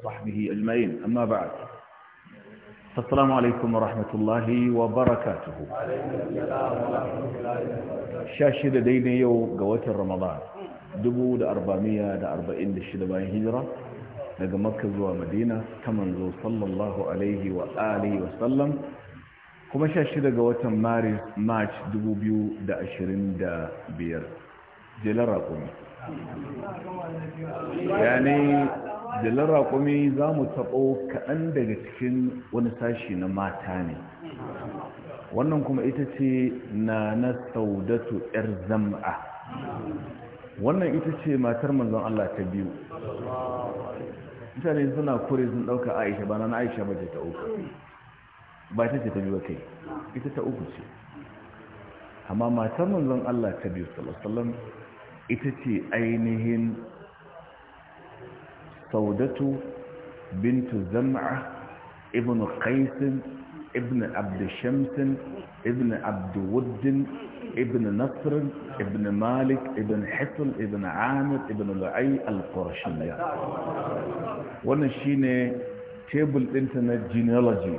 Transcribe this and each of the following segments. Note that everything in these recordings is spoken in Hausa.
وصحبه أجمعين أما بعد السلام عليكم ورحمة الله وبركاته شاشة دين يو قوات رمضان دبو دا أربعمية دا أربعين دا شدبان هجرة نقا مركز زوا مدينة كمن زو صلى الله عليه وآله وسلم كما شاشة دا قوات مارس ماش دبو بيو دا أشرين دا بير جلرا قومي yani da larakumi za mu taɓo kaɗan daga cikin wani sashi na mata ne wannan kuma ita ce na na saudatu 'yar zam'a wannan ita ce matar manzon Allah ta biyu mutane suna kure sun ɗauka aisha ba na aisha ba ce ta uku ba ita ce ta biyu kai ita ta uku ce amma matar manzon Allah ta biyu sallallahu ita ce ainihin saudatu bintu zama'a ibn qaisin ibn abdushamsin ibn abduwuddin ibn nasirin ibn malik ibn hitul ibn amir ibn lu'ai al-qurashiyya wannan shine table ɗinta na genealogy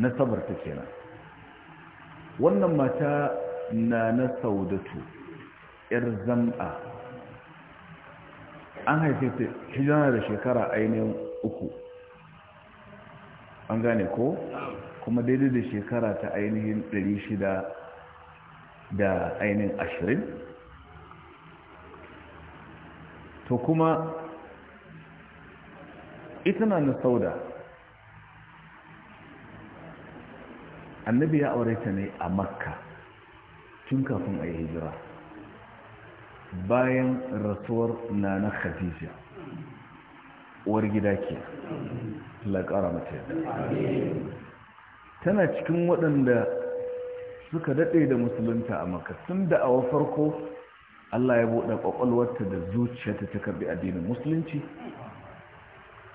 na sabar ta kenan wannan mata na na saudatu 'yar zam'a an haife ta hijira da shekara ainihin uku an gane ko kuma daidai da shekara ta ainihin 600 da ainihin ashirin to kuma ita na na sauda annabi ya aure ta ne a makka tun kafin a yi hijira bayan rasuwar nana khadija uwar gida ke laƙara mata yadda tana cikin waɗanda suka daɗe da musulunta a makasin da a farko Allah ya buɗe ƙwaƙwalwarta da zuciyarta ta karɓi addinin musulunci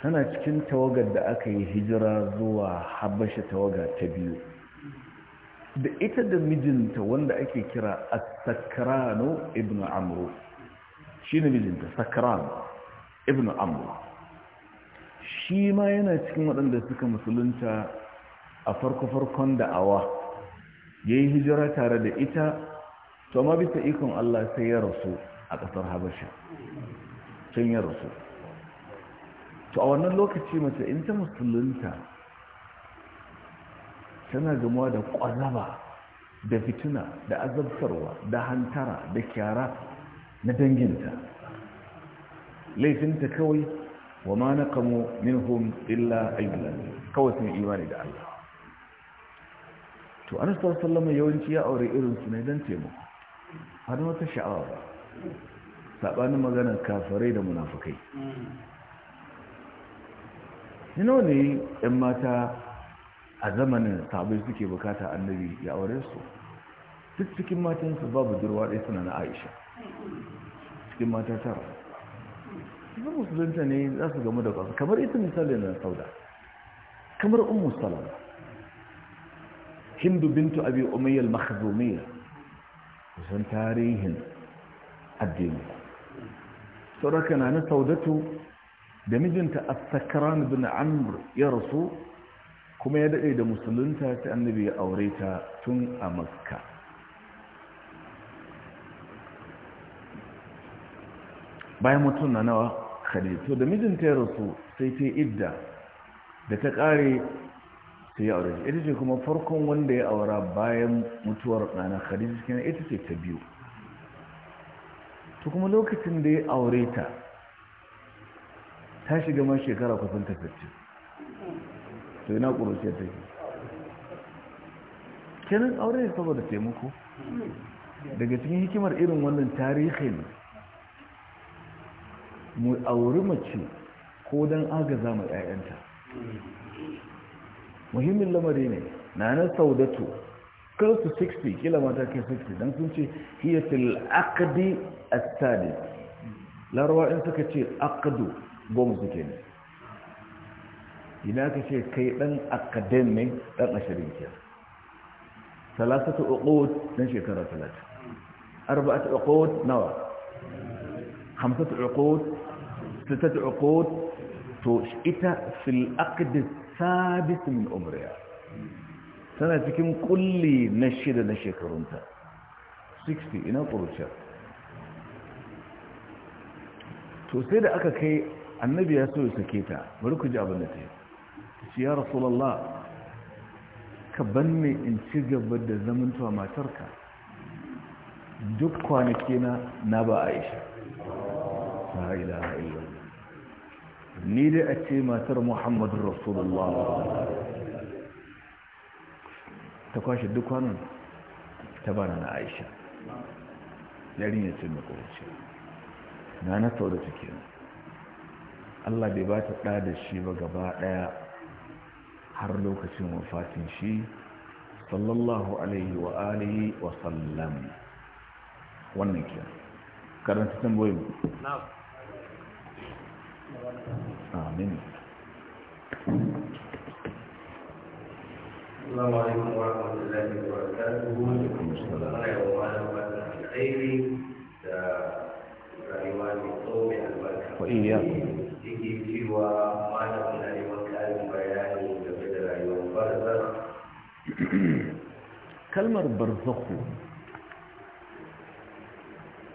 tana cikin tawagar da aka yi hijira zuwa habasha tawaga ta biyu da ita da mijinta wanda ake kira a sakranu ibn shi ne mijinta sakran ibn amru shi ma yana cikin waɗanda suka musulunta a farko-farkon da'awa ya yi hijira tare da ita to ma bisa ikon Allah sai ya rasu a ƙasar habasha can ya rasu to a wannan lokaci mace in ta musulunta tana gamuwa da ƙwazaba da fituna da azabtarwa da hantara da kyara na danginta laifinta kawai wa ma na kamo minhum illa ayyulani kawai sun imani da Allah to anas sallama yawanci ya aure irin su ne don taimako har wata sha'awa ba saɓanin maganar kafarai da munafukai yana mm. ne 'yan mata a zamanin sabai suke bukata annabi ya aure su duk cikin matansu babu durwa ɗaya suna na aisha cikin mata tara zan musulunta ne za su gamu da kwasu kamar ita misali na sauda kamar ummu salama hindu bintu abi Umayyar, makhzumiyya kusan tarihin addini sauraka na na saudatu da mijinta a sakran bin amr ya rasu kuma ya daɗe da musulunta ta annabi ya aure ta tun a makka bayan mutum na nawa to da mijinta ya rasu sai ta idda da ta ƙare ta yi aure ita ce kuma farkon wanda ya aura bayan mutuwar ɗana khalitu cikin ita ce ta biyu ta kuma lokacin da ya aure ta ta shiga ma shekara kusan ta to yana ta take kenan aure ne saboda taimako daga cikin hikimar irin wannan tarihin mu auri mace ko don agaza mai 'ya'yanta muhimmin lamari ne na na saudatu kirsu 60 kila mata ke 60 don sun ce hiya akadi astadi larawa in suka ce akadu goma suke ne ina ka ce kai ɗan akadem ne ɗan ashirin ke talatata uqud ɗan shekara talatin arba'at uqud nawa hamsat uqud sittat uqud to ita fil aqd sabit min umriha tana cikin kulli na shida na shekarunta 60 ina kuruciya to sai da aka kai annabi ya so ya sake ta bari ku ji abin da ta yi ci ya rasulallah ka banne in ci gaba da zamantowa matarka duk kwanaki na na ba aisha ta ni dai a ce matar muhammadu rasulallah ta kwashe duk kwanan ta bana na aisha yarin ya ce makwarci na na sau da take Allah bai ba ta ɗa da shi ba gaba ɗaya har lokacin wafatin shi sallallahu alaihi wa alihi wa sallam wannan ke karanta tamboyin na amini Allah wa rahmatullahi wa barakatuhu. Wa alaikum assalam. Ana yi wa malama da kalmar barzakhu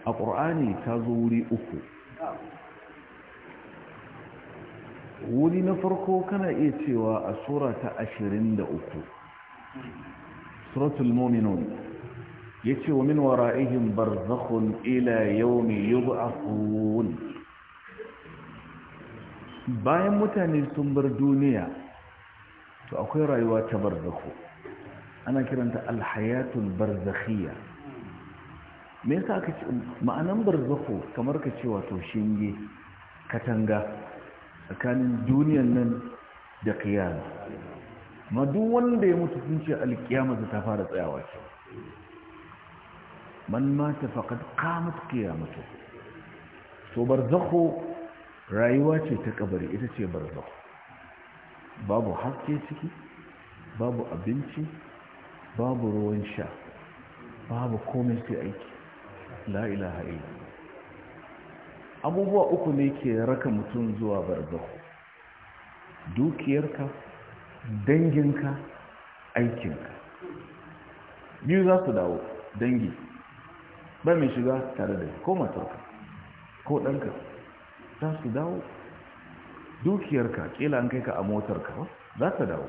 a ƙur'ani ta zo wuri uku wuri na farko kana iya cewa a sura ta ashirin da uku suratul mominon ya ce wa min wara'ihin barzakhun ila yaumi yub'athun bayan mutane sun bar duniya to akwai rayuwa ta barzakhu ana kiranta alhayatul barzakhiyya me yasa aka ce ma'anan barzakho kamar ka ce wato shinge katanga tsakanin duniyan nan da kiyama ma duk wanda ya mutu sun ce alkiyama ta fara tsayawa ce man mata faqad qamat qiyamatu so barzakho rayuwa ce ta kabari ita ce barzakho babu haske ciki babu abinci babu ruwan sha babu komai sai aiki la ilaha illa abubuwa uku ne ke raka mutum zuwa barzahu dukiyarka danginka aikinka biyu za su dawo dangi ba mai shiga tare da ko matarka ko ɗanka za su dawo dukiyarka ƙila an kai ka a motarka za ta dawo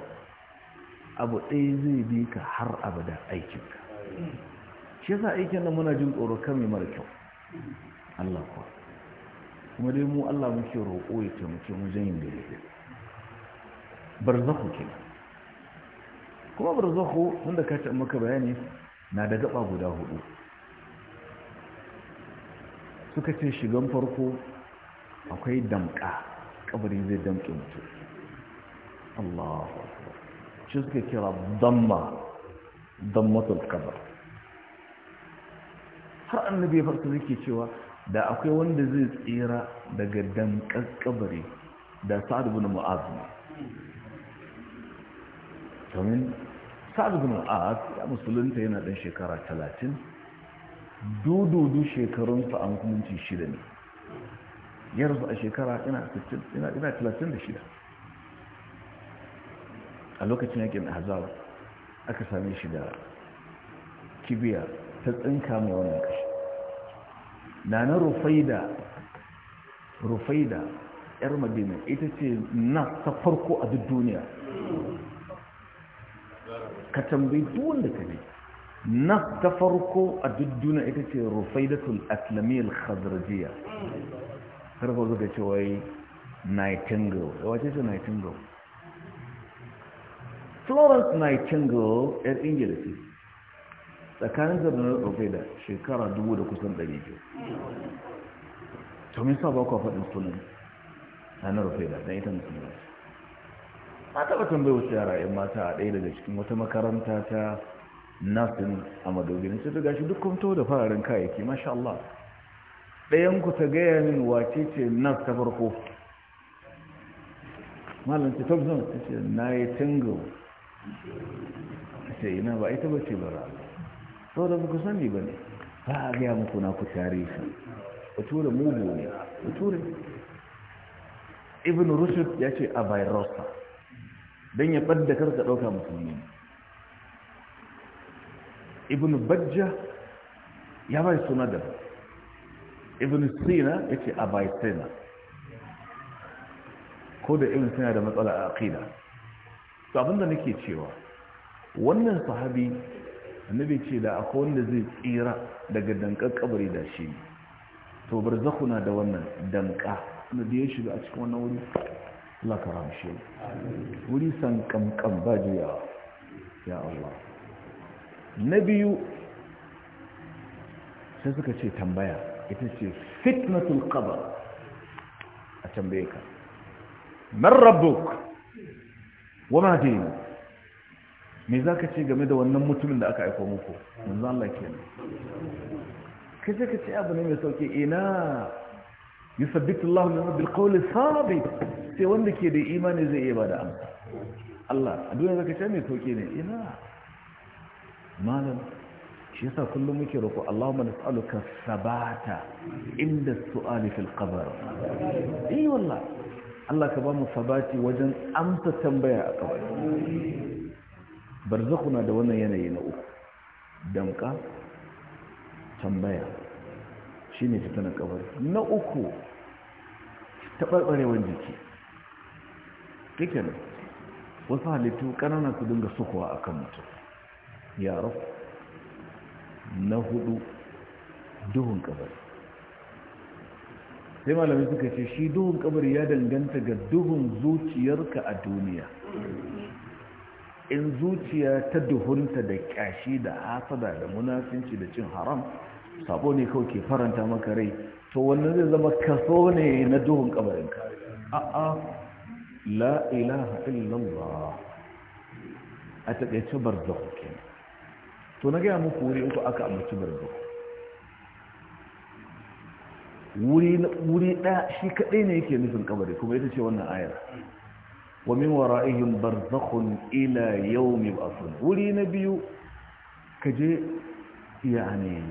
abu ɗaya zai bi ka har abada aikinka shi yasa aikin nan muna jin tsoro kame mara kyau Allah kuwa kuma dai mu Allah muke roƙo ya taimake mu yin da yake barzakhu ke kuma barzakhu wanda ka ta maka bayani na da gaba guda hudu suka ce shigan farko akwai damƙa kabari zai damke mutum Allahu akbar shi suka kira damma dammatul kabar har annabi ya farko yake cewa da akwai wanda zai tsira daga damkar kabari da sa'ad ibn mu'az ne domin sa'ad ibn mu'az ya musulunta yana ɗan shekara 30 dududu shekarunsa an kuminci shida ne yarzu a shekara ina talatin da shida. a lokacin yakin hazar aka same shi da kibiya ta tsinka mai wannan kashi na na rufaida rufaida yar madina ita ce na ta farko a duk duniya ka tambayi da ka ne na ta farko a duk duniya ita ce rufaidatul aslamiyyar khazarjiya karfa zuka ce wai nightingale wace ce nightingale florence nightingale yar ingila ce tsakanin zarnar rufe da shekara dubu da kusan ɗari biyu domin sa ba kuwa faɗin sunan na rufe da don ita musulman ta taɓa tambayi wasu yara yan mata a ɗaya daga cikin wata makaranta ta nasin a madogin sai ta gashi duk kumto da fararen kayayyaki masha Allah ɗayan ku ta gaya min wace ce nas ta farko malam ta tabbin ta ce na yi tingle sai ina ba ita bace bara sau da muka sani ba ne ba a gaya muku na ku tarihi mu mugu ne bature ibn rushd ya ce a bairosa don ya ɓadda karka ɗauka musulmi ibn bajja ya bai suna da ibn sina ya ce a bai sina ko da ibn sina da matsala a aƙida to da nake cewa wannan sahabi annabi ce da akwai wanda zai tsira daga dankar kabari da shi to zakuna da wannan danka na da ya shiga a cikin wannan wuri Allah ka wuri san kamkam ba juyawa ya Allah na biyu sai suka ce tambaya ita ce fitnatul qabr a tambaye ka man rabbuk wama dai me za ka ce game da wannan mutumin da aka aiko muku manzo Allah kenan ka ce ka ce abu ne mai sauki ina yusabbitu Allah lana bil qawli sabit sai wanda ke da imani zai iya bada amsa Allah a duniya ka ce mai sauki ne ina malam shi yasa kullum muke roƙo Allahumma nas'aluka sabata inda su'ali fil qabr eh wallahi Allah ka ba mu sabati wajen amsa tambaya a kawai na da wannan yanayi na uku damka tambaya shi ne fitanar kabari na uku taɓarɓarewar jiki kike ne wasu halittu ƙanana su dinga sukuwa a kan mutum yaro na hudu duhun kabari sai malamai suka ce shi duhun kabari ya danganta ga duhun zuciyarka a duniya in zuciya ta duhunta da kyashi da hasada da munafinci da cin haram sabo ne kawai ke faranta maka rai to wannan zai zama kaso ne na duhun kabarinka a'a la ilaha illallah a taƙaice barzakh kenan to na gaya muku wuri uku aka ambaci barzakh wuri ɗaya shi kaɗai ne yake nufin kabari kuma ita ce wannan ayar wa min wara'ihim barzakhun ila yawmi yub'athun wuri na biyu kaje yani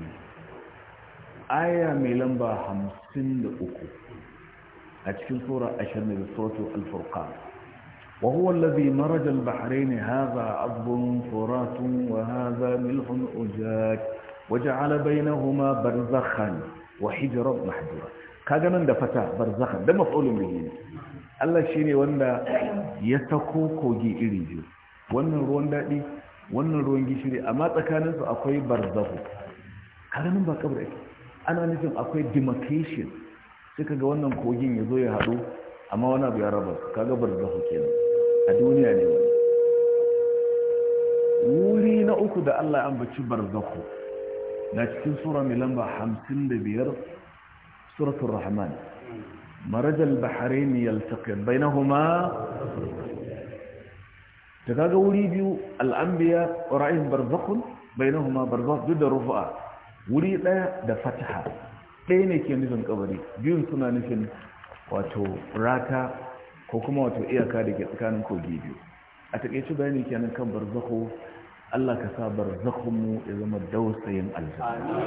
aya mai lamba 53 a cikin sura 20 suratul al-furqan wa huwa alladhi maraja al-bahrayn hadha adbun furatun wa hadha milhun ujaj وجعل baynahuma barzakhan wa hijiran mahdura kaga nan da fata barzakhan da maf'ulun bihi ne Allah shine wanda ya sako kogi iri biyu wannan ruwan dadi wannan ruwan gishiri amma tsakanin su akwai barzahu kaga nan ba kabri ana nufin akwai demarcation sai kaga wannan kogin yazo ya hadu amma wani abu ya raba kaga barzahu kenan a duniya ne wuri na uku da Allah ya ambaci barzahu na cikin sura mai lamba 55 suratun rahman marajal bahrain yaltaqin bainahuma ta kaga wuri biyu al'anbiya ra'ayin barzakhun bainahuma barzakun duk da rufa wuri daya da fataha ɗaya ne ke nufin kabari biyun suna nufin wato rata ko kuma wato iyaka da ke tsakanin kogi biyu a takaice bayani kenan kan barzakho Allah ka sa barzakhmu ya zama dausayin aljanna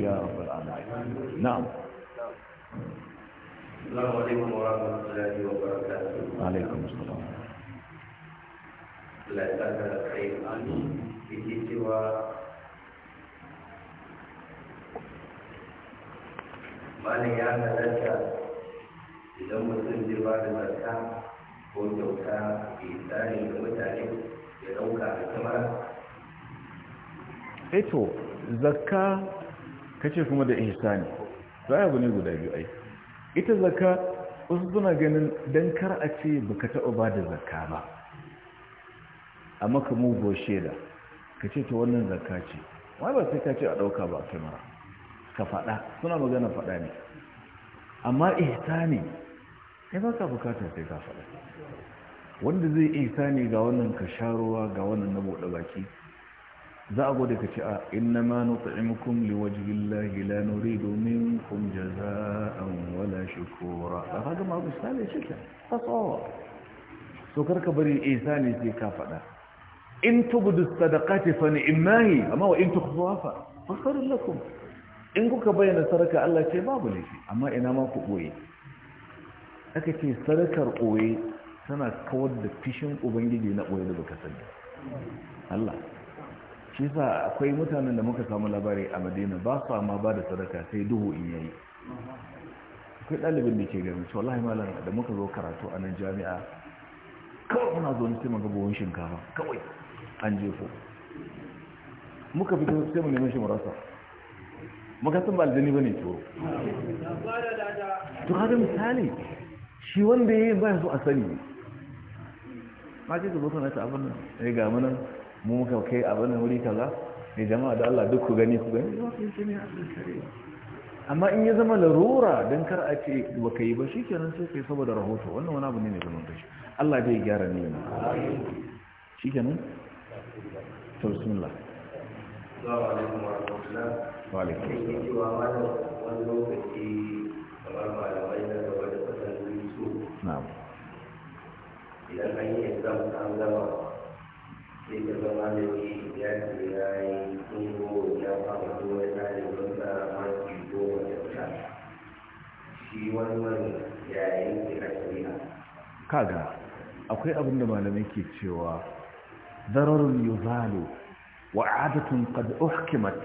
ya rabbal alamin na'am السلام عليكم ورحمة الله وبركاته وعليكم السلام لا تزال خير في سوى mana ya halarta idan mutum zai ba da zarka ko kyauta ke tsarin da mutane ya ɗauka a kamara eto eh zakka kace kuma da ihsani a abu ne guda biyu ai ita zakka wasu suna ganin dan kar a ce baka taɓa ba da zakka ba a maka goshe shaida ka ce ta wannan zakka ce wai ba sai ka ce a ɗauka ba a ka faɗa suna magana faɗa ne amma ihsani kai ba ka bukata sai ka faɗa wanda zai ihsani ga wannan ka sharuwa ga wannan na buɗe baki za a gode ka ci a inna ma nut'imukum liwajhillahi la domin kun jazaa'an wala shukura a kaga ma ku sale shi ke fasawa so karka bari Isa ne sai ka fada in tubdu sadaqati fa ni'mahi amma wa in tukhfuha fa khairun lakum in kuka bayyana sarka Allah ce babu laifi amma ina ma ku boye aka ce sarkar boye tana kawar da fishin ubangiji na boye da baka sani Allah shi sa akwai mutanen da muka samu labari a madina ba su ma ba da sadaka sai duhu in yayi akwai ɗalibin da ke gani cewa lahi malam da muka zo karatu a nan jami'a kawai muna zo sai muka buhun shinkafa kawai an jefo muka fito sai mu neman shi murasa muka san ba aljani bane to to haka misali shi wanda yayi ba su a sani ma ce zuwa kana ta abin nan eh ga mu nan mu muka kai a wannan wuri kaza ne jama'a da Allah duk ku gani ku gani amma in ya zama larura don kar a ce ba ka yi ba shi kenan sai kai saboda rahoto wannan wani abu ne mai zaman kashi Allah zai gyara ne yana shi kenan to bismillah wa wa da idan an yi exam an gama sai ka ga malami ya ce ya yi tsoro ya fara zuwa ɗalibin da maki goma da ta shi wannan ya yi kira shari'a kaga akwai abin da malamai ke cewa zararun yuzalu وعادة قد أحكمت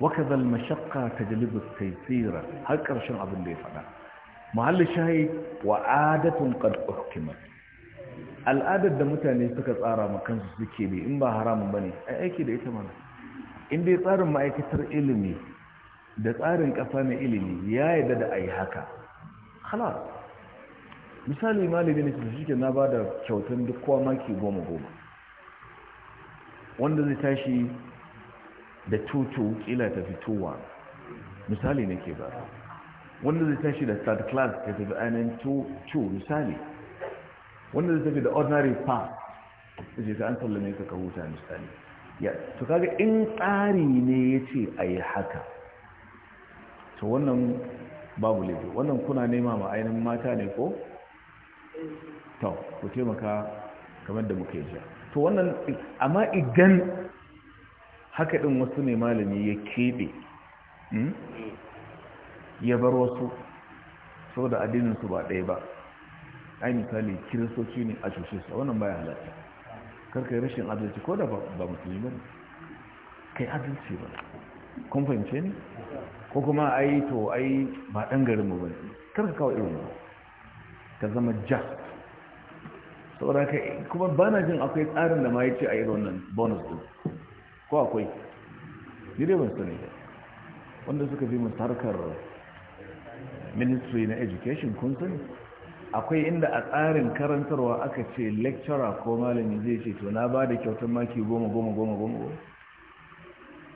وكذا المشقة تجلب التيسير هل كرشن أبن لي فعلا محل الشهيد وعادة قد أحكمت al'adar da mutane suka tsara ma kansu suke ne in ba haramun ba ne a aiki da ita mana in dai tsarin ma'aikatar ilimi da tsarin ƙasa na ilimi ya yarda da a yi haka halar misali malibin su shi ke na ba da kyautar duk kowa maki goma goma wanda zai tashi da tutu kila ta fitowa misali nake ba wanda zai tashi da third class ta tafi ainihin 2 misali wanda zai tafi da ordinary pass su je ka an sallame ka ka huta misali ya to kaga in tsari ne ya ce a yi haka to wannan babu laifi wannan kuna nema ma ainihin mata ne ko? to ku taimaka kamar da muka yi to wannan amma idan haka ɗin wasu ne malami ya keɓe hmm? ya bar wasu saboda addinin su ba ɗaya ba ai misali kiristoci ne a cushe su wannan baya halatta karka yi rashin adalci ko da ba musulmi ba kai adalci ba kun fahimce ne ko kuma ai to ai ba dan garin mu kar karka kawo irin ba ka zama ja saboda ka kuma bana jin akwai tsarin da ma yace a irin wannan bonus din ko akwai ni dai ban sani ba wanda suka bi mu tarkar ministry na education kun sani akwai inda a tsarin karantarwa aka ce lecturer ko malami zai ce to na ba da kyautar maki goma goma goma goma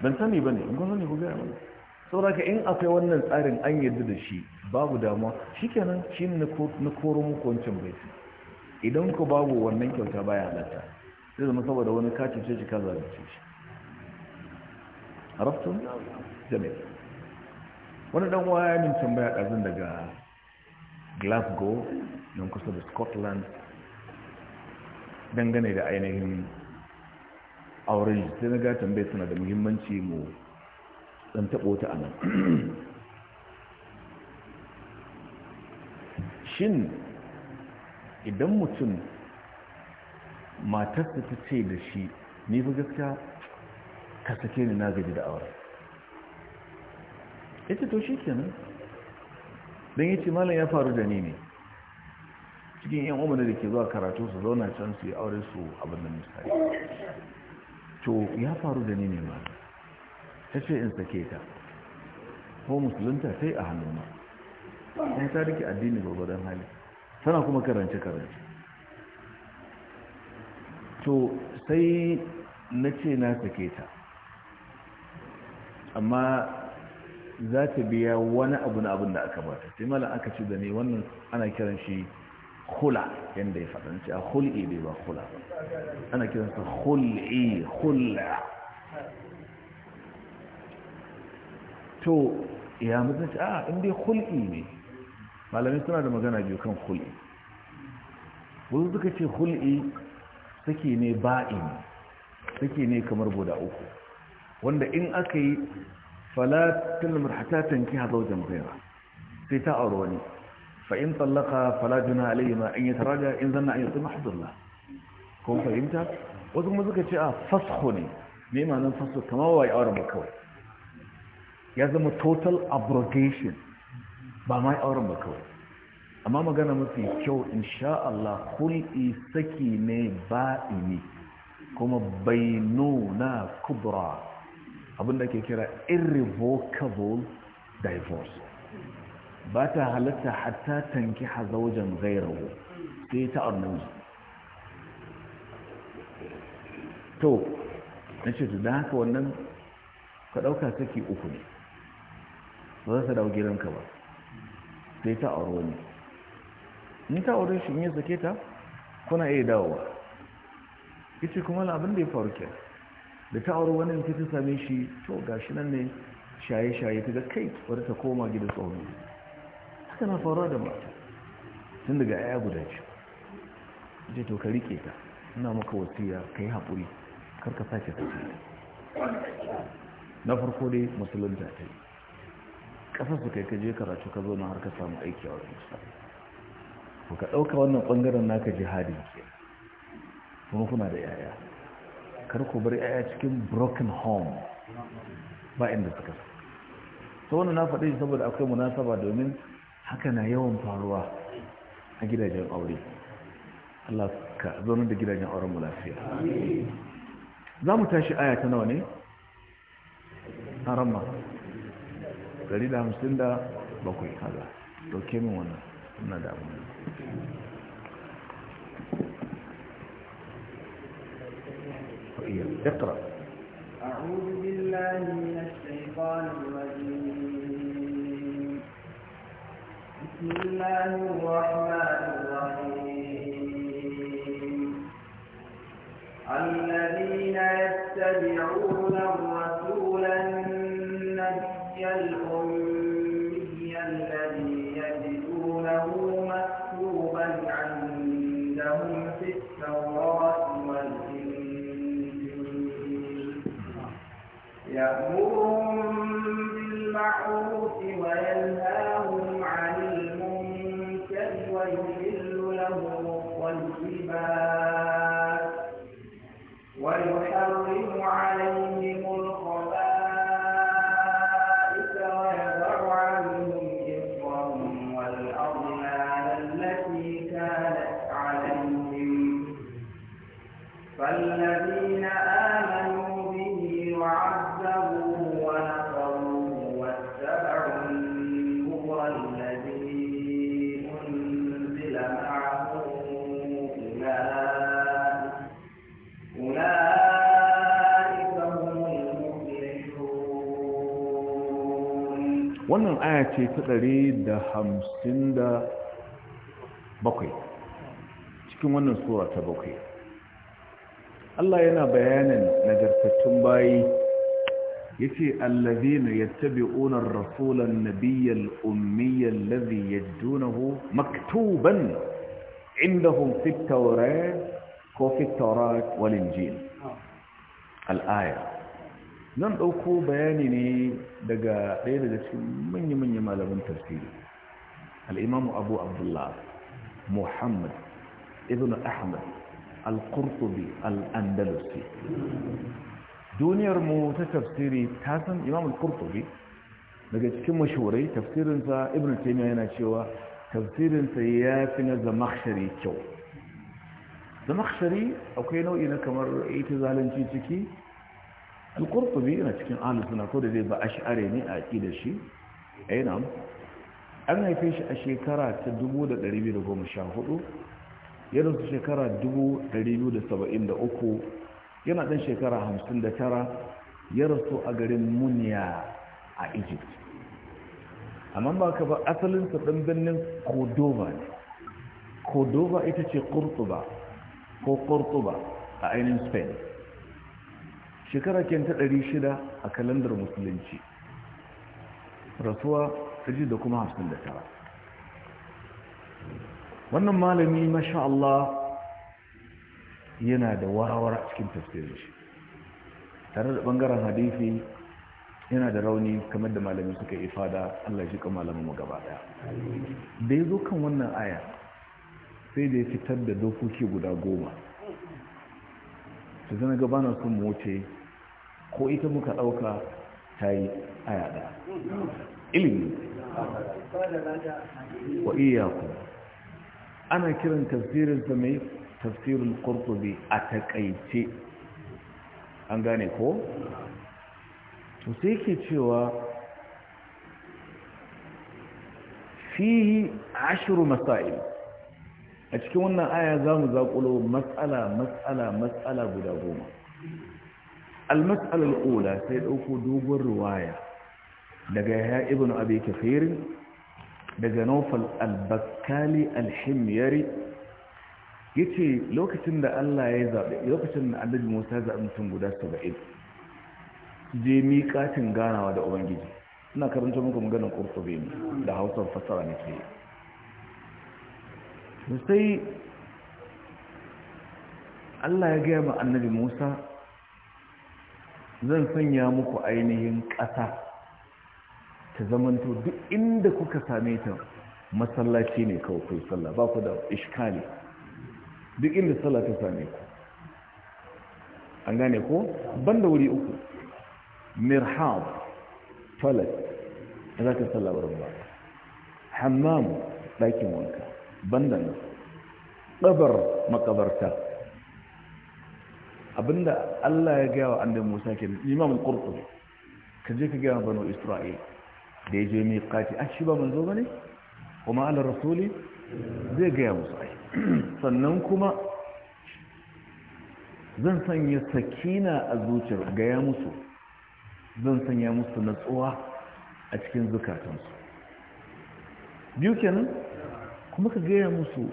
ban sani ba ne in kun ne ku gaya mana sauraka in akwai wannan tsarin an yadda da shi babu damuwa shi kenan shi na koro muku wancan bai idan ku babu wannan kyauta baya halatta zai zama saboda wani kacin ce shi ka zalunce shi raftun jami'a wani dan waya min tambaya ɗazin daga glasgow don kusa da scotland dangane da ainihin auren sai na gatan bai suna da muhimmanci mu ɗan taɓo ta anan shin idan mutum matarsa ta ce da shi ni fi gaskiya ka sake ni na gaji da auren ita to shi kenan don yace malam ya faru da ni ne cikin yan umarni da ke zuwa karatu su zauna can su yi aure su abin da misali to ya faru da ni ne ma ta ce in sake ta ko musulunta sai a hannun ma ya ta rike addini gwagwadon hali tana kuma karance karance to sai na ce na sake ta amma za ta biya wani abu na abin da aka bata sai mala aka ci da ne wannan ana kiran shi hula yadda ya faɗa ce a hul'i bai ba hula ana kiran su hul'i hula to ya mutum ce a ah, inda hul'i ne malamai suna da magana biyu kan hul'i wasu suka ce hul'i suke ne ba'in suke ne kamar guda uku wanda in aka yi fala tilmar hatta tanki ha zaujan ghaira sai ta aure wani fa in tallaqa fala juna alayhi ma an yataraja in zanna an yusma hadullah ko fahimta wasu kuma suka ce a fasxu ne me ma'anar fasxu kamar wai auren ba kawai ya zama total abrogation ba ma auren ba kawai amma magana mafi kyau insha Allah kul'i saki ne ba'ini kuma bainuna kubra abinda ke kira irrevocable divorce ba ta halatta hatta tanki hazaujan zairawo sai ta annabi to na ce da haka wannan ka ɗauka saki uku ne ba za ta dawo gidanka ba sai ta aure ne ni ta aure shi in ya sake ta kuna iya dawowa ita kuma labin da ya faru kenan da ta auri wani ta same shi to gashi nan ne shaye-shaye ta ga kai wadda ta koma gida tsoron haka na faruwa da mata tun daga yaya guda ce je to ka rike ta ina maka wasiya ka yi haƙuri karka sake ta. na farko dai musulunta ta yi ƙasar su kai ka je karatu ka zo na har ka samu aiki a wajen ku ka ɗauka wannan ɓangaren naka jihadin ke kuma kuna da yaya kar ku bari yaya cikin broken home ba inda suka so wannan na faɗi saboda akwai munasaba domin haka na yawan faruwa a gidajen aure Allah ka zama da gidajen auren mu lafiya za mu tashi aya ta nawa ne haramma 157 haza dauke min wannan ina da abu الصوفية اقرأ أعوذ بالله من الشيطان الرجيم بسم الله الرحمن الرحيم الذين يتبعون الرسول النبي wannan aya ce ta 157 cikin wannan sura ta 7 Allah yana bayanin nagartattun bayi yace allazina yattabi'una ar-rasula an-nabiyya al-ummiyya ya junahu maktuban indahum fit-tawrat ko wal-injil al al'aya zan ɗauko bayani ne daga ɗaya daga cikin manya-manya malamin tafsiri al'imamu abu abdullah muhammad ibn ahmad al-qurtubi al-andalusi duniyar mu ta tafsiri ta san imam al-qurtubi daga cikin mashahurai tafsirinsa ibn taymiya yana cewa tafsirinsa ya fi na zamakshari kyau zamakshari akwai nau'i na kamar ita zalunci ciki al-qurtubi yana cikin ahalus sunna ko da zai ba ash'ari ne a aƙidar shi eh, na'am an haife shi a shekara ta 1214 yana da shekara 1273 yana dan shekara 59 ya rasu a garin munya a egypt amma ba ka ba asalinsa ɗan birnin cordova ne cordova ita ce qurtuba ko qurtuba a ainihin spain shekara ke ta shida a kalandar musulunci rasuwa ji da kuma da tara. wannan malami masha Allah yana da warawar cikin tafsirin shi tare da ɓangaren hadisi yana da rauni kamar da malami suka ifada Allah shi kama malamin mu gaba daya da ya zo kan wannan aya sai da ya fitar da dokoki guda goma su zana gabanar sun mu ko ita muka ɗauka ta yi aya ɗaya ilimi wa ana kiran tafsirinsa mai tafsirin kurkubi a taƙaice. an gane ko? to sai ke cewa fihi ashiru masa'il a cikin wannan aya za mu zaƙulo matsala matsala matsala guda goma almas'alar ƙola sai ɗauko dogon ruwaya daga ya ibn abi kafirin daga naufal albakali alhimyari ya ce lokacin da allah ya zaɓe lokacin da annabi musa zaɓe mutum guda saba'in je miƙatin ganawa da ubangiji suna karanta muku maganar ƙurtube ne da hausar fasara ne ke sai allah ya gaya ma annabi musa zan sanya muku ainihin ƙasa ta zamanto duk inda kuka same ta masallaci ne kawai kai sallah ba ku da iskali duk inda sallah ta same ku an gane ko banda wuri uku mirhab toilet za ka sallah wurin ba hammam ɗakin wanka banda nan ɗabar makabarta abinda Allah ya gaya wa annabi Musa ke Imam Qurtubi ka je ka gaya banu Isra'il da yaje miqati a ah, shi ba manzo bane kuma ala rasuli zai gaya musu ai sannan kuma zan sanya sakina a zuciyar gaya musu zan sanya musu natsuwa a cikin zukatansu biyu kenan kuma ka gaya musu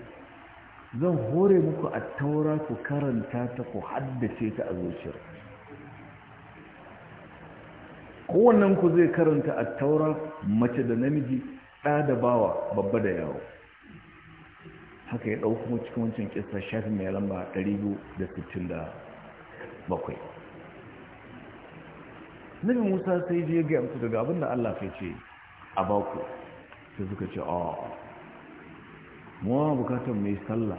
zan hore muku a taura ku karanta ta ku haddace ta a zuciyar kowannan ku zai karanta a taura mace da namiji ɗa da bawa babba da yawo haka ya ɗauko cikin wancan ƙisa shafi mai lamba 267 nabi musa sai je ga yamsu daga abinda allah kai ce a baku sai suka ce a ah. mawa bukatar mai sallah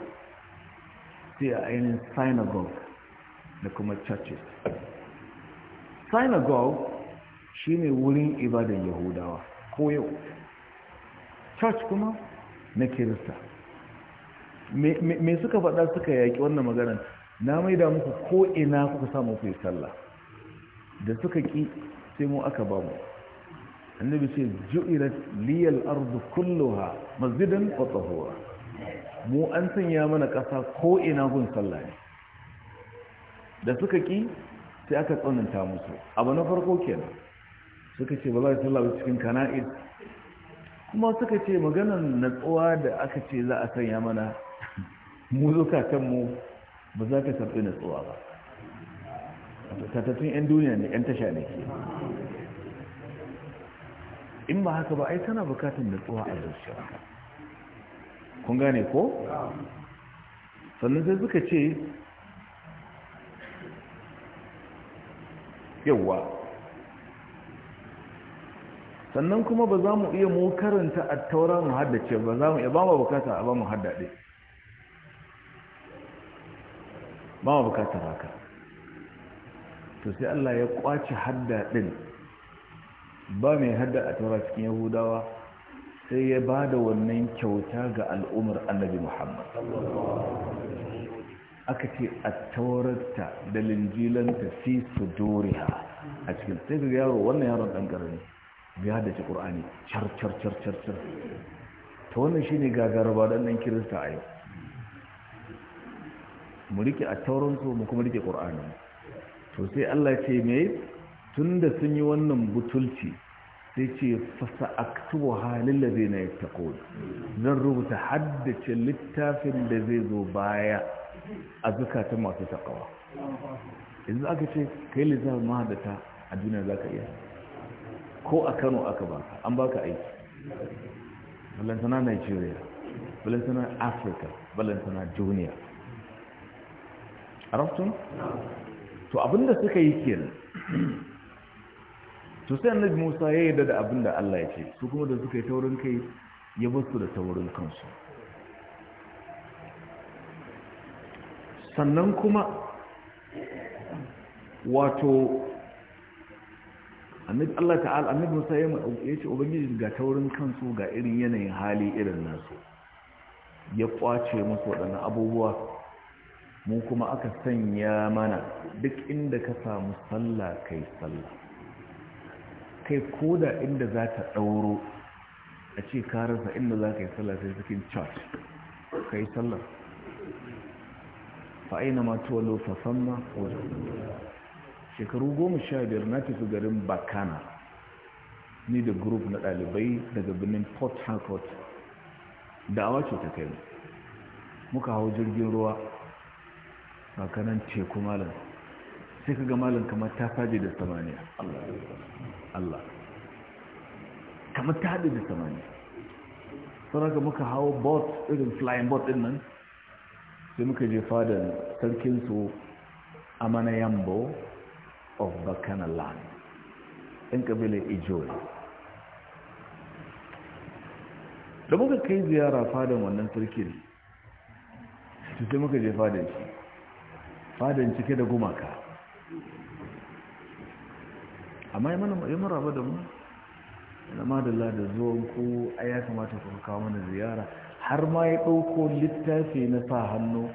sai a ainihin synagogue da kuma churches synagogue ne wurin ibadan yahudawa ko yau church kuma na kirista me suka faɗa suka yaƙi wannan maganar na maida muku ko ina kuka samu ku sallah da suka ƙi sai mu aka ba mu annabi ce ju'ilat liyal ardu kulluha masjidan wa tahura mu an sanya mana ƙasa ko ina gun sallah ne da suka ki sai aka tsananta musu abu na farko kenan suka ce ba za su sallah cikin kana'id kuma suka ce maganan natsuwa da aka ce za a sanya mana mu zukatanmu ba za ka sarfi natsuwa ba tattattun 'yan duniya ne 'yan tasha ne ke in ba haka ba ai tana bukatun natsuwa a zuciyarka kun gane ko sannan sai suka ce yawa sannan kuma ba za mu iya mu karanta a taura mu haddace ba za mu iya ba mu bukata a ba mu haddade ba mu bukatar haka to sai Allah ya kwace haddadin ba mai hadda a taura cikin yahudawa sai ya ba da wannan kyauta ga al'umar annabi muhammad aka ce a taurarta da linjilanta fi su doriya a cikin sai ga yaro wannan yaron ɗangare ne Biya da ci ƙur'ani car car car ta wannan shi ne gagaraba don ɗan kirista a yau mu rike a tauransu mu kuma rike ƙur'ani to sai allah ce mai tun da sun yi wannan butulci sai ce fasa aktubu halin da zai na yi zan rubuta haddace littafin da zai zo baya a zukatan masu takawa yanzu aka ce ka yi littafin mahaddata a duniya za ka iya ko a kano aka ba an baka aiki balantana nigeria balantana africa balantana duniya a to abinda suka yi kenan Sosai sai annabi Musa ya yarda da abin da Allah ya ce su kuma da suka yi taurin kai ya bar su da taurin kansu sannan kuma wato annabi Allah ta'ala annabi Musa ya ce ubangiji ga taurin kansu ga irin yanayin hali irin nasu ya kwace musu waɗannan abubuwa mu kuma aka sanya mana duk inda ka samu sallah kai sallah kai koda inda za ta ɗauro a ce karasa inda za ka yi sallah sai cikin church ka yi sallah fa'ina matuwa lofafan ma shekaru goma sha biyar na tafi garin bakana ni da group na ɗalibai daga birnin port harcourt da'awa ce ta kai muka hau jirgin ruwa bakanan teku malam sai ka ga malam kamar ta faɗi da samaniya Allah kamar ta haɗe da samaniya ka muka hau bot irin flying bot ɗin nan sai muka je fada sarkinsu amana yambo of bakana land ɗin ƙabilar ijoli da muka kai ziyara fadan wannan sarkin sai muka je fadan shi fadan cike da gumaka amma ya mana mara ba da mu da madalla da zuwan ku a ya kamata ku kawo mana ziyara har ma ya ɗauko littafi na sa hannu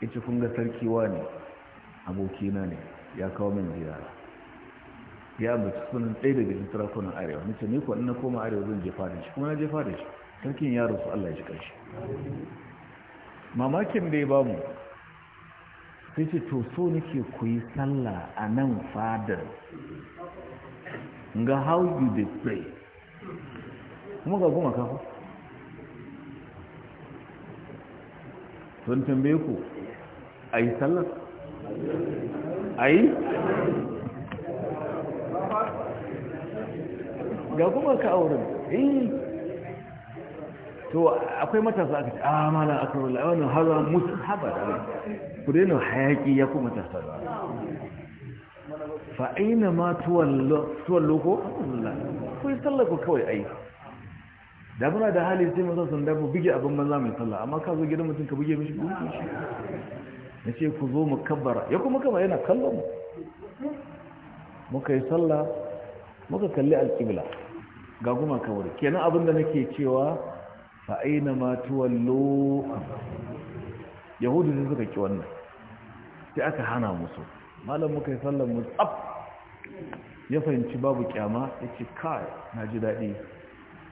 ya ci kun ga sarki ne abokina ne ya kawo min ziyara ya ambaci sunan ɗaya daga cikin sarakunan arewa nace ne ko na koma arewa zan jefa da shi kuma na jefa da shi sarkin ya rasu Allah ya ci ƙarshe mamakin da ya bamu sai ce to so nake ku yi sallah a nan fadar ga how you dey pray kuma ga goma kafa sun tambaye ku a yi sallar a yi ga kuma ka auren eh, to akwai matasa aka ce a ah, malam akwai wala wannan haza musu haba da ku daina hayaki ya ku matasa fa aina ma tuwallo ko ku yi sallah ku kawai ai da muna da hali sai mun san da mu bige abin banza mai sallah amma ka zo gidan mutum ka bige mishi gunki shi ku zo mu kabbara ya kuma kama yana kallon mu muka yi sallah muka kalli alƙibla ga kuma kawai kenan abin da nake cewa fa'ina ma tuwallo yahudu sai suka ki wannan sai aka hana musu malam muka yi sallar mu tsab ya fahimci babu kyama ya ce kai na ji daɗi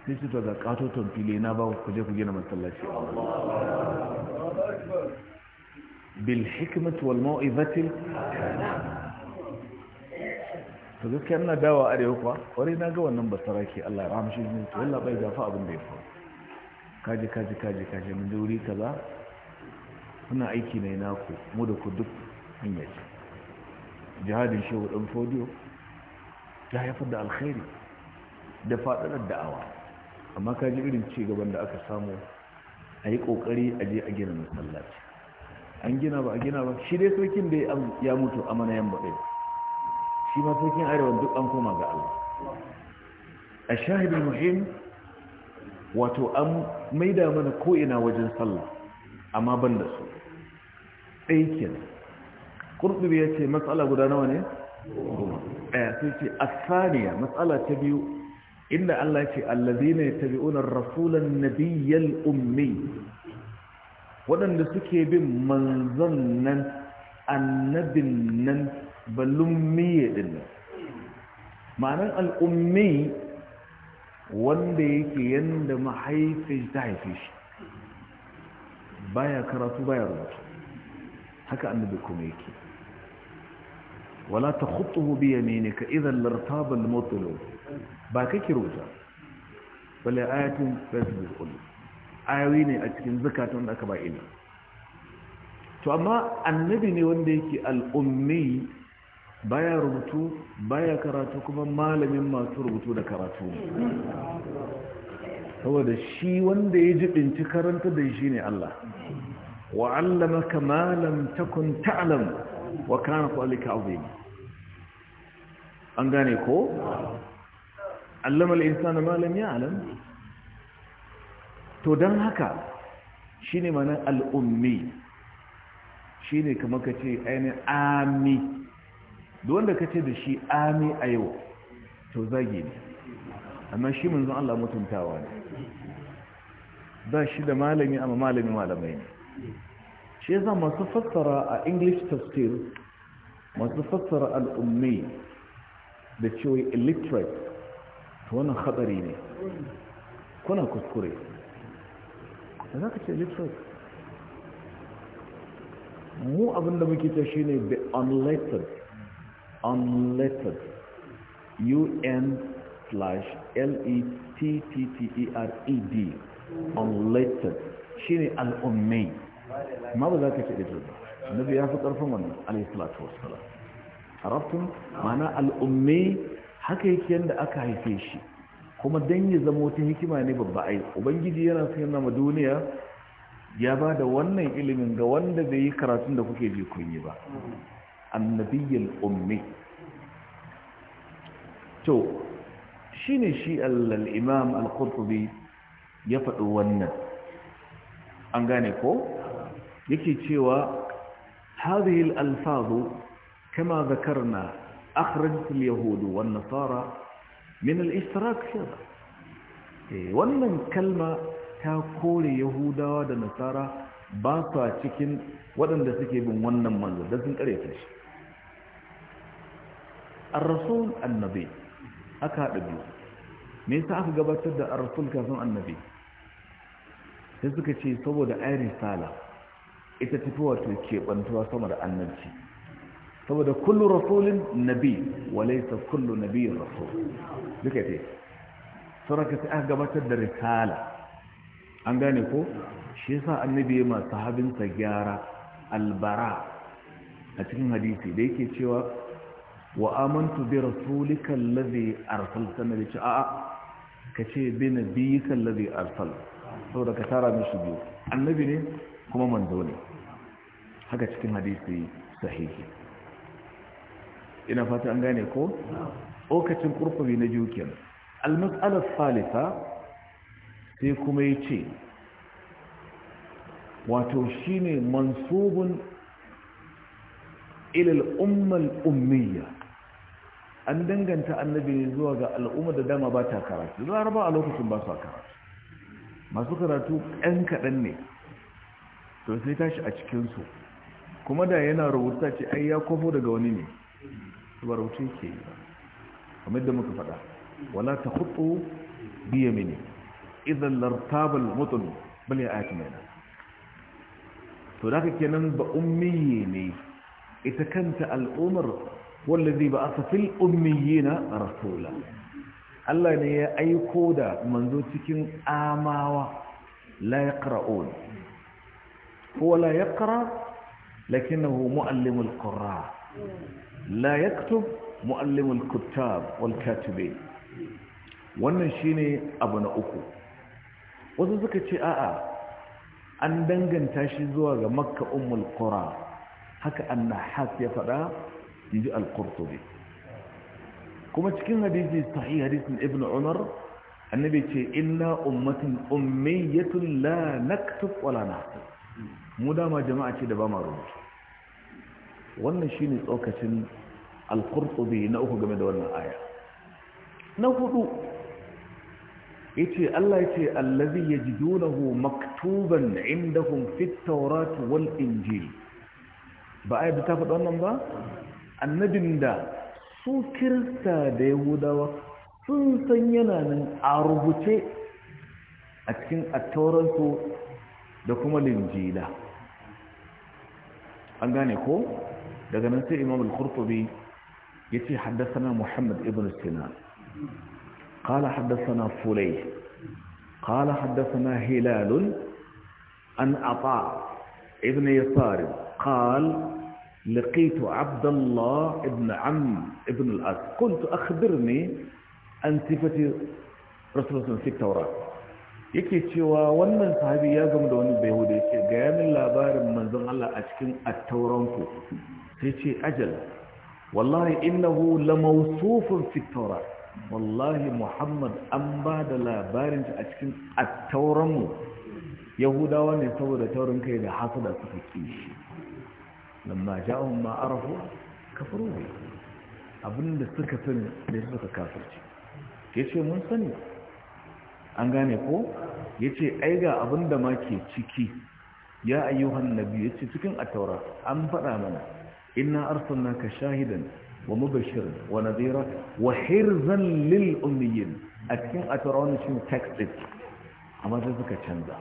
sai su ta ga katoton fili na ba ku je ku gina masallaci bil hikmat wal mau'izatil to gaskiya ina dawa arewa kuwa wani na ga wannan basara ke Allah ya ramshi ne to yalla bai gafa abin da ya faru kaji kaji kaji kaji mun ji wuri kaza kuna aiki ne naku mu da ku duk hanya ce jihadin shehu dan fodiyo ya haifar da alkhairi da faɗaɗar da'awa amma kaji irin ci gaban da aka samu a yi ƙoƙari a je a gina masallaci an gina ba a gina ba shi dai sarkin da ya mutu a mana manayan ɗaya. shi ma sarkin arewa duk an koma ga allah a shahidin muhimmi wato an maida mana ko'ina wajen sallah amma ban da su ɗaikin Ƙurɓi ya ce matsala guda nawa ne? ɗaya sai ce asaniya matsala ta biyu inda Allah ce allazi ne ta bi'unar rasulan nabiyyal ummi waɗanda suke bin manzon nan annabin nan balummiye ɗin nan ma'anar al'ummi wanda yake yadda mahaifin ta haife shi baya karatu baya rubutu haka annabi kuma yake wala ta khutuhu bi yaminika idan lartaba al-mutlu ba kake rubuta bale ayatin facebook kullu ayoyi ne a cikin zakatun da aka ba ina. to amma annabi ne wanda yake al-ummi baya rubutu baya karatu kuma malamin masu rubutu da karatu saboda shi wanda ya jibinci karanta da shi ne Allah wa'allama kama lam takun ta'lam wa kana qalika azim an gane ko allama al-insana ma lam ya'lam to dan haka shine ma'anar al-ummi shine kamar kace ainihin ami wanda ka ce da shi ami a yau to zage ne amma shi manzon Allah mutuntawa ne ba shi da malami amma malami malamai ne shi yasa masu fassara a english tafsir masu fassara al'ummi da cewa illiterate to wannan hadari ne kuna kuskure da za ka ce illiterate mu abinda muke ta shi ne the unlettered unlettered un slash l-e-t-t-t-e-r-e-d unlettered shi ne al'ummai ma ba za ka ce ɗaya ba na biya fi ƙarfin wannan alaihissalatu wasu mana al'ummai haka yake yadda aka haife shi kuma don yi zama wata hikima ne babba ai ubangiji yana yana nama duniya ya ba da wannan ilimin ga wanda bai yi karatun da kuke ji kun ba annabiyyin ummi to shi ne Imam al-qurtubi ya faɗi wannan an gane ko yake cewa hadhihi al-alfazu kama zakarna akhrajat al-yahud wan nasara min al-ishtirak Eh wannan kalma ta kore yahudawa da nasara ba sa cikin waɗanda suke bin wannan manzo da sun kare shi ar-rasul annabi aka biyu me yasa aka gabatar da ar-rasul kafin annabi sai suka ce saboda ai risala ita tafi wato keɓantuwa sama da annabci saboda kullu rasulin nabi walaysa kullu nabiyyin rasul duka dai saraka sai aka gabatar da risala an gane ko shi yasa annabi ya ma sahabinsa gyara albara a cikin hadisi da yake cewa wa amantu bi rasulika allazi arsalta nabi ce a'a kace bi nabiyika allazi arsal saboda ka tara mishi biyu annabi ne kuma manzo ne haka cikin hadisi sahihi ina fata an gane ko lokacin kurkubi na jukin almasalar salisa sai kuma ya ce wato shine mansubun ilal ummal ummiya an danganta annabi ne zuwa ga al'umma da dama ba ta karatu raba a lokacin ba su karatu masu karatu ɗan kaɗan ne to sai tashi a cikinsu kuma da yana rubuta ce ai ya kwafo daga wani ne Su ba rubutu ke yi ba. kamar da muka faɗa wala ta hudu biya mini idan lartabal mutum bale a yaki mai to da kenan ba ummiye ne ita kanta al'ummar wallazi ba a fil ummiyina rasula Allah ne ya aiko da manzo cikin amawa la yaqra'un huwa la yaqra lakinnahu muallimul qurra la yaktub muallimul kuttab wal katibin wannan shine abu na uku wasu suka ce a'a an danganta shi zuwa ga makka ummul qura haka annahas ya faɗa ji al-qurtubi kuma cikin hadisi sahih hadisin ibnu umar annabi ce inna ummatin ummiyatun la naktub wala nahtub mu ma jama'a ce da ba ma rubutu wannan shine tsokacin al-qurtubi na uku game da wannan aya na hudu yace Allah yace allazi yajidunahu maktuban indahum fit tawrat wal injil ba ai ta faɗa wannan ba annabin da su kirista da yahudawa sun san yana nan a rubuce a cikin attauransu da kuma linjila an gane ko daga nan sai imam al ce yace na muhammad ibn Sina, kala haddasa na Fulai, kala haddasa na Hilalun, an ata ibn yasar qala لقيت عبد الله ابن عم ابن الأس قلت أخبرني عن صفة رسول الله في التوراة yake cewa wannan sahabi ya gama da wani bayahuda ya ce ga yamin labarin manzon Allah a cikin attauranku sai ce ajal wallahi innahu la mawsufun fi tawrat wallahi muhammad an ba da labarin a cikin attauranmu yahudawa ne saboda taurin kai da hasada suka kishi lamma ja'un ma arafu kafaru abinda suka sani da suka kafirci yace mun sani an gane ko yace ai ga abinda ma ke ciki ya ayyuhan nabi yace cikin at-taura an faɗa mana inna arsalnaka shahidan wa mubashiran wa nadhira wa hirzan lil ummiyin a cikin at-taura wannan shi text amma sai suka canza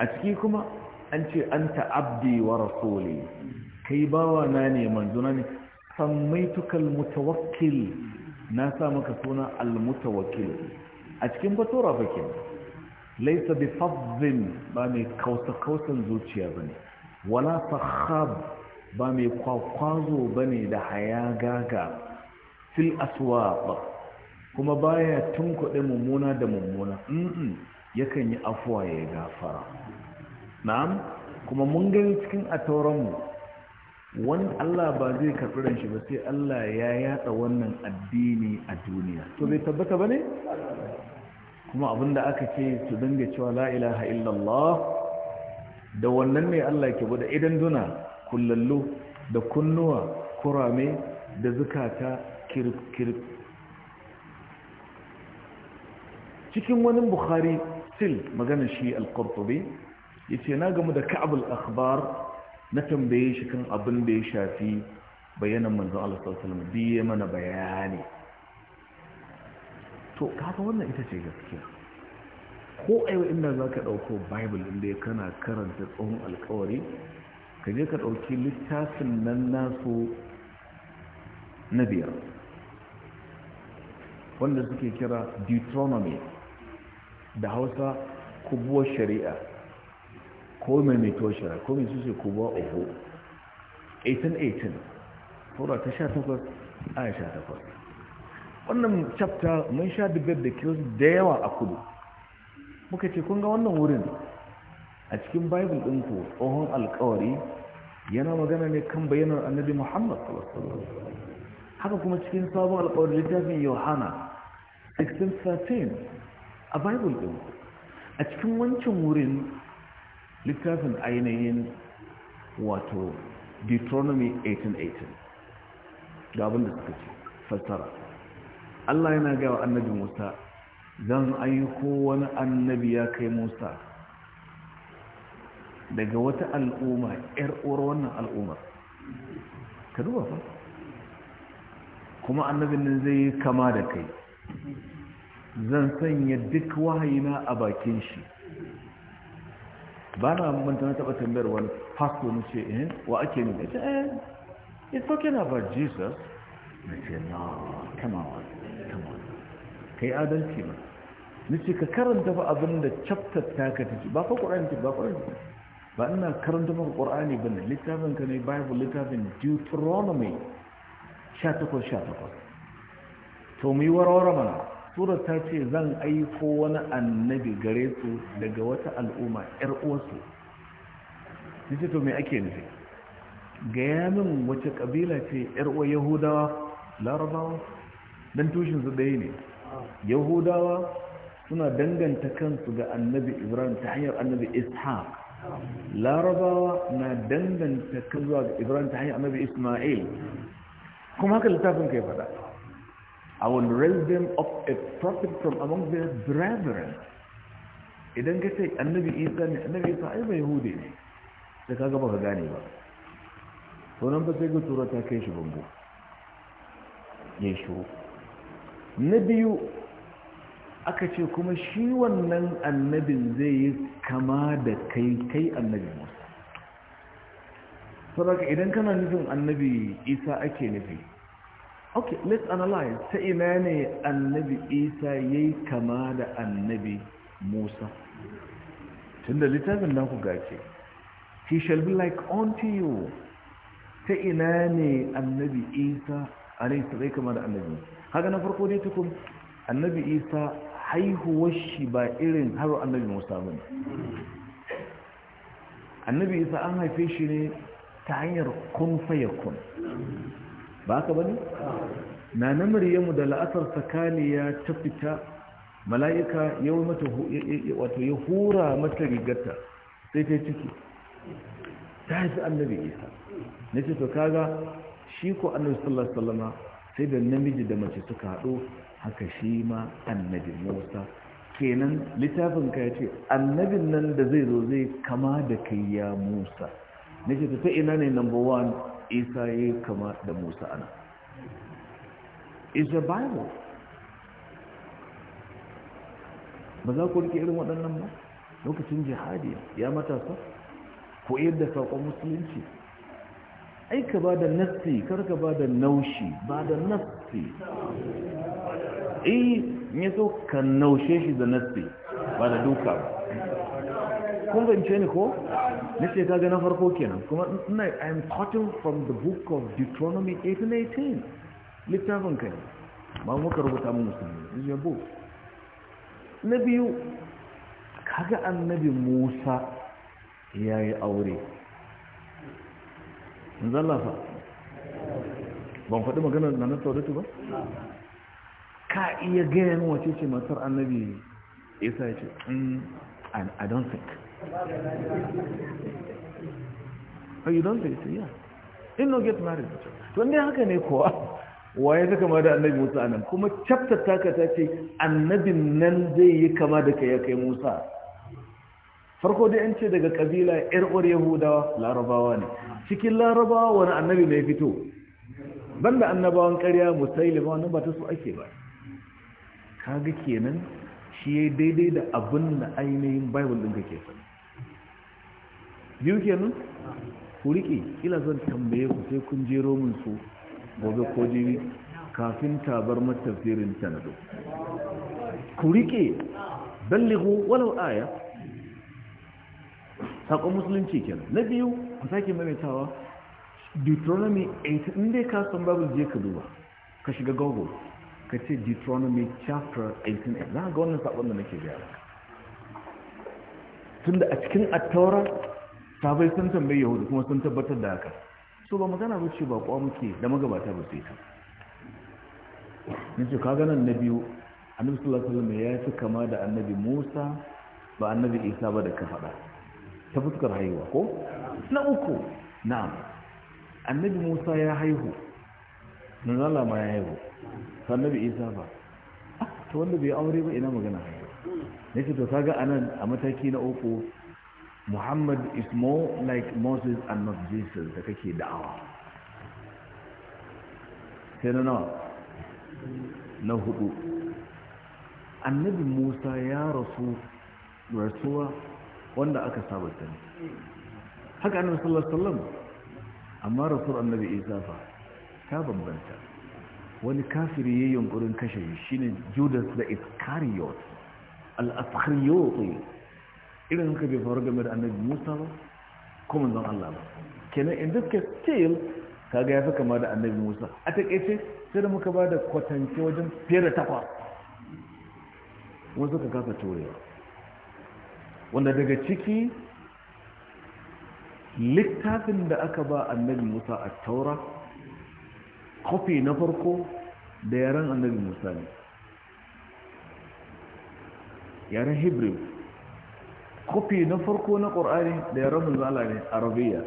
a ciki kuma an ce an ta'abdi wa rasuli kai bawa na ne manzuna ne sammaituka almutawakkil na sa maka suna almutawakkil a cikin batura fake laisa bi fazzin ba mai kausa-kausan zuciya bane wala fakhab ba mai kwakwazo bane da hayagaga fil aswaq kuma baya tunkuɗe mummuna da mummuna yakan yi afuwa ya gafara na'am kuma mun gani cikin atauranmu wani Allah ba zai karɓi ran shi ba sai Allah ya yatsa wannan addini a duniya to bai tabbata ba ne kuma abinda aka ce su dinga cewa la ilaha illallah da wannan ne Allah ke bude idan duna kullallu da kunnuwa kurame da zukata kirkir cikin wani bukhari sil magana shi al-qurtubi ya ce na gamu da ka'abul akhbar na tambaye shi kan abin da ya shafi bayanan manzon Allah sallallahu biye mana bayani to kafa wannan ita ce gaskiya ko aiwa inda zaka dauko bible inda kana karanta tsohon alkawari ka je ka dauki littafin nan nasu na biyar wanda suke kira deuteronomy da hausa kubuwar shari'a ko mai mai toshira ko mai su ce kuba oho 1818 tura ta sha takwas, a sha takwas. wannan chapter mun sha dubbar da kiris da yawa a kudu muka ce kun ga wannan wurin a cikin bible ku, tsohon alkawari yana magana ne kan bayanar annabi muhammad haka kuma cikin sabon alkawari littafin yohana 1613 a bible din a cikin wancan wurin littafin ainihin wato deuteronomy 18:18 da abinda suka ce fassara Allah yana gawa annabi Musa zan aiko wani annabi ya kai Musa daga wata al'umma ‘yar wannan al'ummar ka duba fa kuma annabin nan zai yi kama da kai zan sanya duk wahayina a bakin shi ba na manta na taɓa tambayar wani pastor na ce eh wa ake ne ita eh it's talking about jesus na ce no come on come on ka yi adalci ba ni ce ka karanta ba abin da chapter ta ka ta ba fa ce ba qur'ani ba ina karanta maka qur'ani ba ne littafin ka ne bible littafin deuteronomy 18-18 to mi yi warware mana sura ta ce zan aiko wani annabi gare su daga wata al'umma ‘yar uwarsu nace to me ake nufi gaya min wace kabila ce ‘yar uwar yahudawa larabawa don tushinsu ɗaya ne yahudawa suna danganta kansu ga annabi ibrahim ta hanyar annabi ishaq larabawa na danganta kansu ga ibrahim ta hanyar annabi isma'il kuma haka littafin kai faɗa I will raise them up a prophet from among their brethren idan ka ce annabi isa ne annabi isa ai mai hude ne da ka gaba ka gane ba to ba sai ga tura ta kai shi bambu. ya shuru na biyu aka ce kuma shi wannan annabin zai yi kama da kai kai annabi musa saboda idan kana nufin annabi isa ake nufi okay let's analyze ta ina ne annabi isa ya yi kama da musa tunda littafin nan ku gace he shall be like unto you ta ina ne annabi isa a ne ta zai kama da annabi haka na farko dai tukun annabi isa haihuwar shi ba irin har annabi musa ba ne annabi isa an haife shi ne ta hanyar kun fayakun ba ka bane na na maryamu da la'asar sakaliya ta fita mala'ika yau mata wato ya hura mata rigarta sai ta ciki ta haifi annabi isa na ce to kaga shi ko annabi sallallahu alaihi sai da namiji da mace suka haɗu haka shi ma annabi musa kenan littafin ka ya ce annabin nan da zai zo zai kama da kai ya musa na ce ta ina ne number one isa ya kama da musa ana is the bible ba za ku rike irin waɗannan ba lokacin jihadi ya matasa ko yadda saƙon musulunci ai ba da nassi kar ka ba da naushi ba da nassi eh ya so kan naushe shi da nassi ba da duka ba. kun zance ni ko nace kaga na farko kenan kuma ina i am quoting from the book of Deuteronomy 18:18 littafin ka ba mu ka rubuta mu musulmi is na biyu kaga annabi Musa yayi aure fa ban faɗi maganar na nan ba ka iya gaya min wace ce matar annabi isa ya ce mm, i don't think oh you don't say it, yeah in no get married to ne haka ne kuwa waye ta kama da annabi Musa anan kuma chapter taka ta ce annabin nan zai yi kama da kai kai Musa farko dai an ce daga kabila yar uwar Yahudawa Larabawa ne cikin Larabawa wani annabi ne fito banda annabawan ƙarya musailima wannan ba ta so ake ba kaga kenan shi yayi daidai da abin da ainihin Bible din kake sani biyu kenan ku riƙe ila zan tambaye ku sai kun jero min su gobe ko jibi kafin tabar matafirin tanado ku riƙe ballighu walau aya saƙon musulunci kenan na biyu ku sake maimaitawa deuteronomy 8 inda ka san babu je ka duba ka shiga google ka ce deuteronomy chapter 18 za ga wannan saƙon da nake tun tunda a cikin attaura Ta bai sun tambayi yahudu kuma sun tabbatar da haka so ba magana ba ce ba kwa muke da magabata ba sai ta nace ka ganin na biyu annabi sallallahu alaihi wasallam ya fi kama da annabi Musa ba annabi Isa ba da ka fada ta fuskar haihuwa ko na uku na'am annabi Musa ya haihu nan Allah ma ya haihu annabi Isa ba ah, to wanda bai aure ba ina magana haihu. nace to kaga anan a mataki na uku Muhammad is more like Moses and not Jesus da kake da'awa. Sai na nawa? Na hudu. Annabi Musa ya rasu rasuwa wanda aka sabata ne. Haka annabi sallallahu Alaihi amma rasuwar annabi Isa fa ta bambanta. Wani kafiri ya yi kashe shi ne Judas da Iskariot al irin haka bai faru game da annabi musa ba ko zan allah ba kenan in this case still kaga ya fi kama da annabi musa a takaice sai da muka ba da kwatance wajen fiye da takwa. wasu ka kasa turewa wanda daga ciki littafin da aka ba annabi musa a taura kofi na farko da yaren annabi musa ne yaren hebrew kofi na farko na ƙor'ari da ya manzo zala ne arabiya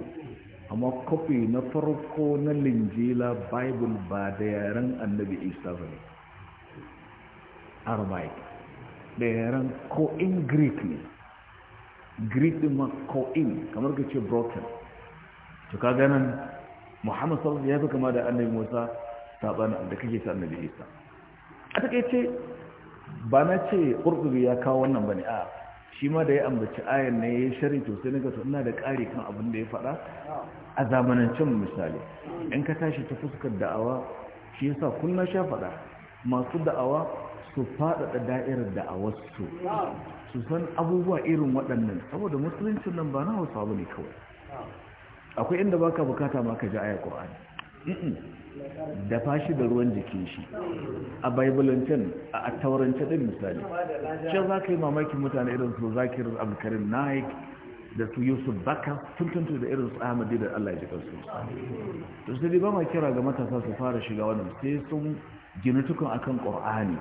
amma kofi na farko na linjila bible ba da yaren annabi isa ba ne aramaic da yaren ko'in greek ne greek din ma ko'in kamar ka ce broken to ka ganin muhammad sallallahu ya fi kama da annabi musa saɓanin da kake ta annabi isa a ce ba na ce ƙurƙuri ya kawo wannan ba ne a shi ma da ya ambaci ayan na ya yi shari to sai nika suna da ƙari kan abin da ya faɗa a zamanancin misali in ka tashi ta fuskar da'awa shi yasa kunna sha faɗa masu da'awa su faɗaɗa da'irar da'awarsu su san abubuwa irin waɗannan saboda musuluncin nan ba na hausa ne kawai akwai inda baka bukata ma ka ji aya ƙwa'ani dafa shi da ruwan jikin shi a baibulantin a taurancin din misali can za ka yi mamakin mutane irin su zakir abdulkarim naik da su yusuf baka Tuntuntun da irin su ahmadi da allah ya ji kansu to su ba ma kira ga matasa su fara shiga wannan sai sun gini tukun akan ƙor'ani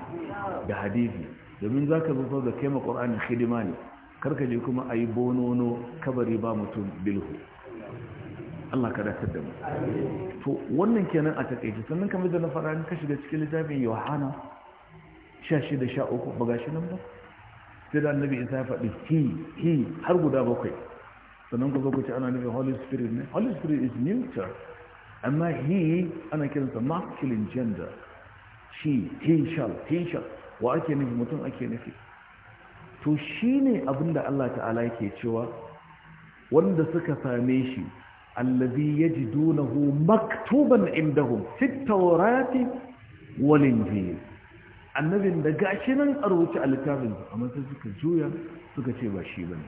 da hadisi domin za ka zufa da kai ma ƙor'ani hidima ne karka je kuma a yi bonono kabari ba mutum bilhu Allah ka dace da mu to wannan kenan a takaice sannan kamar da na fara ni ka shiga cikin littafin Yohana 16:13 ba gashi nan ba sai da annabi isa ya faɗi he he har guda bakwai sannan ku zo ku ci ana nufin holy spirit ne holy spirit is neutral amma he ana kiransa masculine gender she he shall he shall wa ake nufi mutum ake nufi to shine abinda Allah ta'ala yake cewa wanda suka same shi allazi yajidunahu maktuban indahum fit tawrati wal injil annabin da gashi nan a rubuce a littafin amma sai suka juya suka ce ba shi bane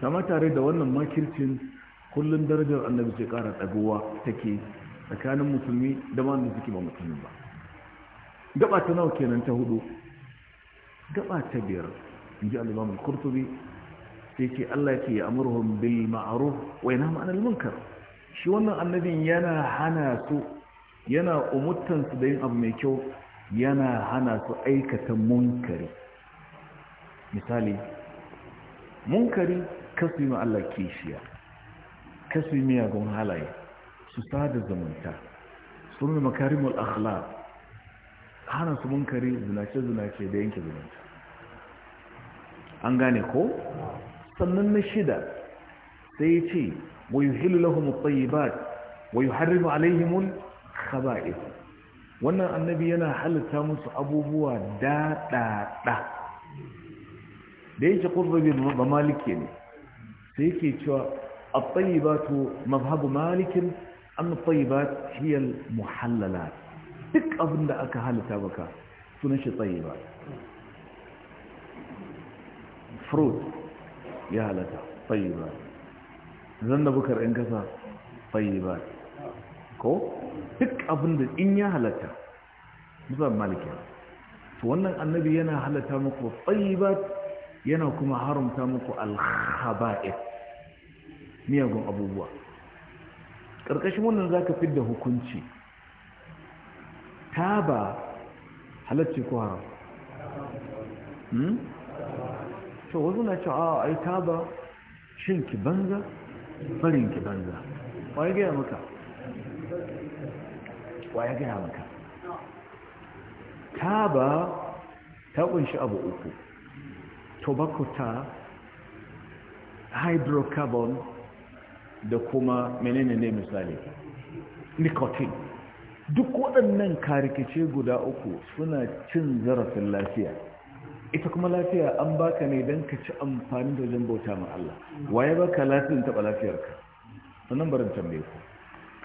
sama tare da wannan makircin kullun darajar annabi ce kara tsagowa take tsakanin musulmi da wanda suke ba musulmi ba gaba ta nawa kenan ta hudu gaba ta biyar inji al-imam al-qurtubi sai ke Allah ya ce ya amurhum bil ma'ruf wa yanhum 'anil munkar shi wannan annabin yana hana su yana umurtan su da yin abu mai kyau yana hana su aikata munkari misali munkari kasu ma Allah shiya kasu miyagun halaye su sada zumunta sun makarimul akhlaq hana su munkari zinace-zinace da yanke zumunta an gane ko sannan na shida sai ya ce wa yuhillu lahum at wa yuharrimu alaihim al-khaba'ith wannan annabi yana halitta musu abubuwa daɗaɗa da yake qurbi ba maliki ne sai yake cewa at-tayyibat mazhabu malikin, an at-tayyibat hiya duk abin da aka halitta baka sunan shi tayyibat fruit ya halatta tayyiba zannabukar in kasa ba. ko duk abin da in ya halatta musamman malikin to wannan annabi yana halatta muku ba, yana kuma haramta muku alhaba'i, miyagun abubuwa ƙarƙashin wannan za ka fidda hukunci ta ba halarci ko haram hmm? to wasu na cewa a ai ba shin ki banza barin ki banza wa gaya maka gaya maka ba ta kunshi abu uku tobacco ta hydrocarbon da kuma menene ne misali nicotine duk waɗannan karikace guda uku suna cin zarafin lafiya ita kuma lafiya an baka ne don ka ci amfani da wajen bauta ma Allah waye baka lafiyan taɓa lafiyarka sannan barin tambaye ku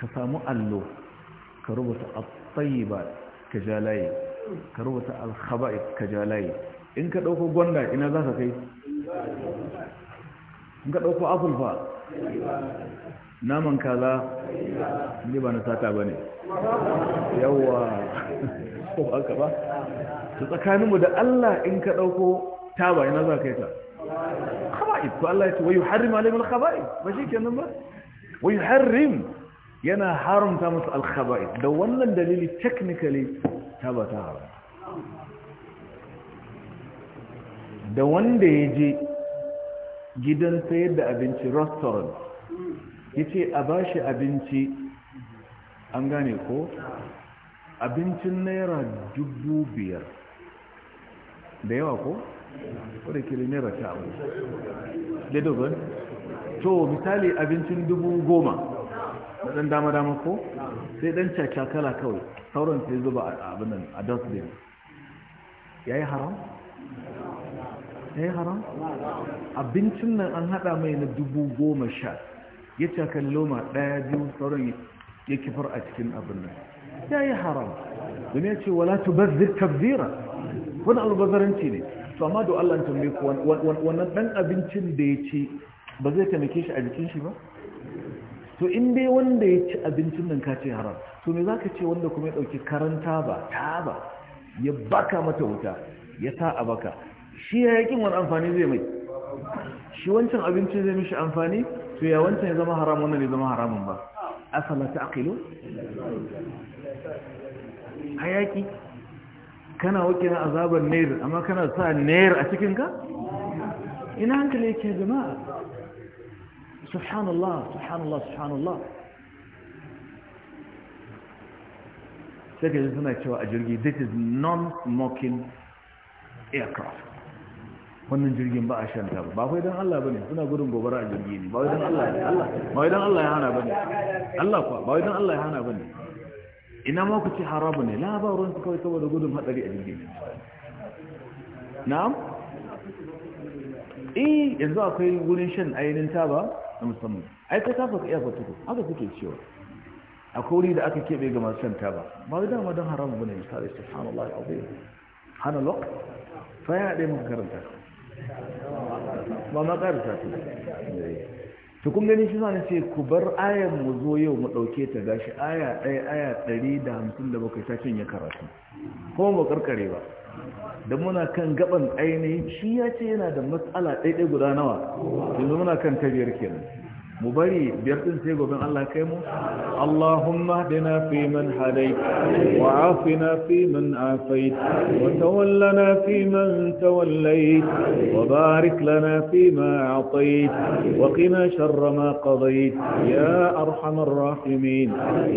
ka samu allo ka rubuta at ba ka ja layi ka rubuta al-khaba'it ka ja layi in ka ɗauko gwanda ina za ka kai in ka ɗauko apple fa naman kaza ne ba na sata bane Yawwa. ko ba ba to tsakaninmu da Allah in ka dauko ta ba ina za ka yi ta khaba'ith to Allah ya ce wai yuharrim alaihim al-khaba'ith ba shi kenan ba wa yuharrim yana haramta musu al-khaba'ith da wannan dalili technically ta ba ta haram da wanda ya je gidan sayar da abinci restaurant ya ce a bashi abinci an gane ko abincin naira dubu biyar da yawa ko? ke kiri naira ta abu daidai to misali abincin dubu goma na ɗan dama-dama ko? sai ɗan cakakala kawai sauran sai zuba a abin nan a dustbin ya yi haram? ya yi haram? abincin nan an haɗa mai na dubu goma sha ya cakalli loma ɗaya biyu sauran ya kifar a cikin abin nan ya yi haram domin ya ce wala tubazzir tabzira wani albazaranci ne to amma da Allah tambaye ku wannan dan abincin da ya ci ba zai taimake shi a jikin shi ba to in dai wanda ya ci abincin nan ka ce haram to me zaka ce wanda kuma ya dauki karanta ba ta ba ya baka mata wuta ya sa a baka shi ya yakin wani amfani zai mai shi wancan abincin zai mishi amfani to ya wancan ya zama haram wannan ya zama haramun ba أفلا تعقلون حياتي كان وكنا أذاب النير أما كان ساء النير أتكنك إن أنت ليك يا جماعة سبحان الله سبحان الله سبحان الله لكن هنا يتوى this is non-smoking aircraft wannan jirgin ba a shan ba ba kai dan Allah bane suna gudun gobara a jirgi ne ba wai dan Allah ne Allah ba wai dan Allah ya hana bane Allah kuwa ba wai dan Allah ya hana bane ina ma ku ci haramu ne labarun su kawai saboda gudun hadari a jirgin. ne na'am eh yanzu akwai gurin shan ainihin taba na musamman ai ka tafa ka iya fatuku haka kuke cewa a kori da aka keɓe ga masu shan taba ba wai dama don haramu bane misali subhanallahi azim hana lok fa ya dai mun karanta ba ma ƙarisa ta to kun ganin shi zane ce ku bar 'ayan mu zo yau mu ɗauke ta gashi aya ɗaya aya ɗari da hamsin da bakwai ta cinye karatu kuma ba ƙarƙare ba da muna kan gaban ainihin shi ya ce yana da matsala ɗaiɗai guda nawa yanzu muna kan tabiyar kenan mu bari biyar din sai goben Allah kai mu Allahumma hdina fi man hadait wa afina fi man afait wa tawallana fi man tawallait wa barik lana fi ma atait wa qina sharra ma qadait ya arhamar rahimin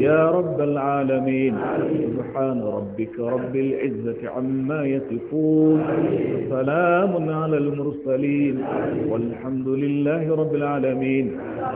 ya rabbal alamin سبحان ربك رب العزة عما يصفون سلام على المرسلين والحمد لله رب العالمين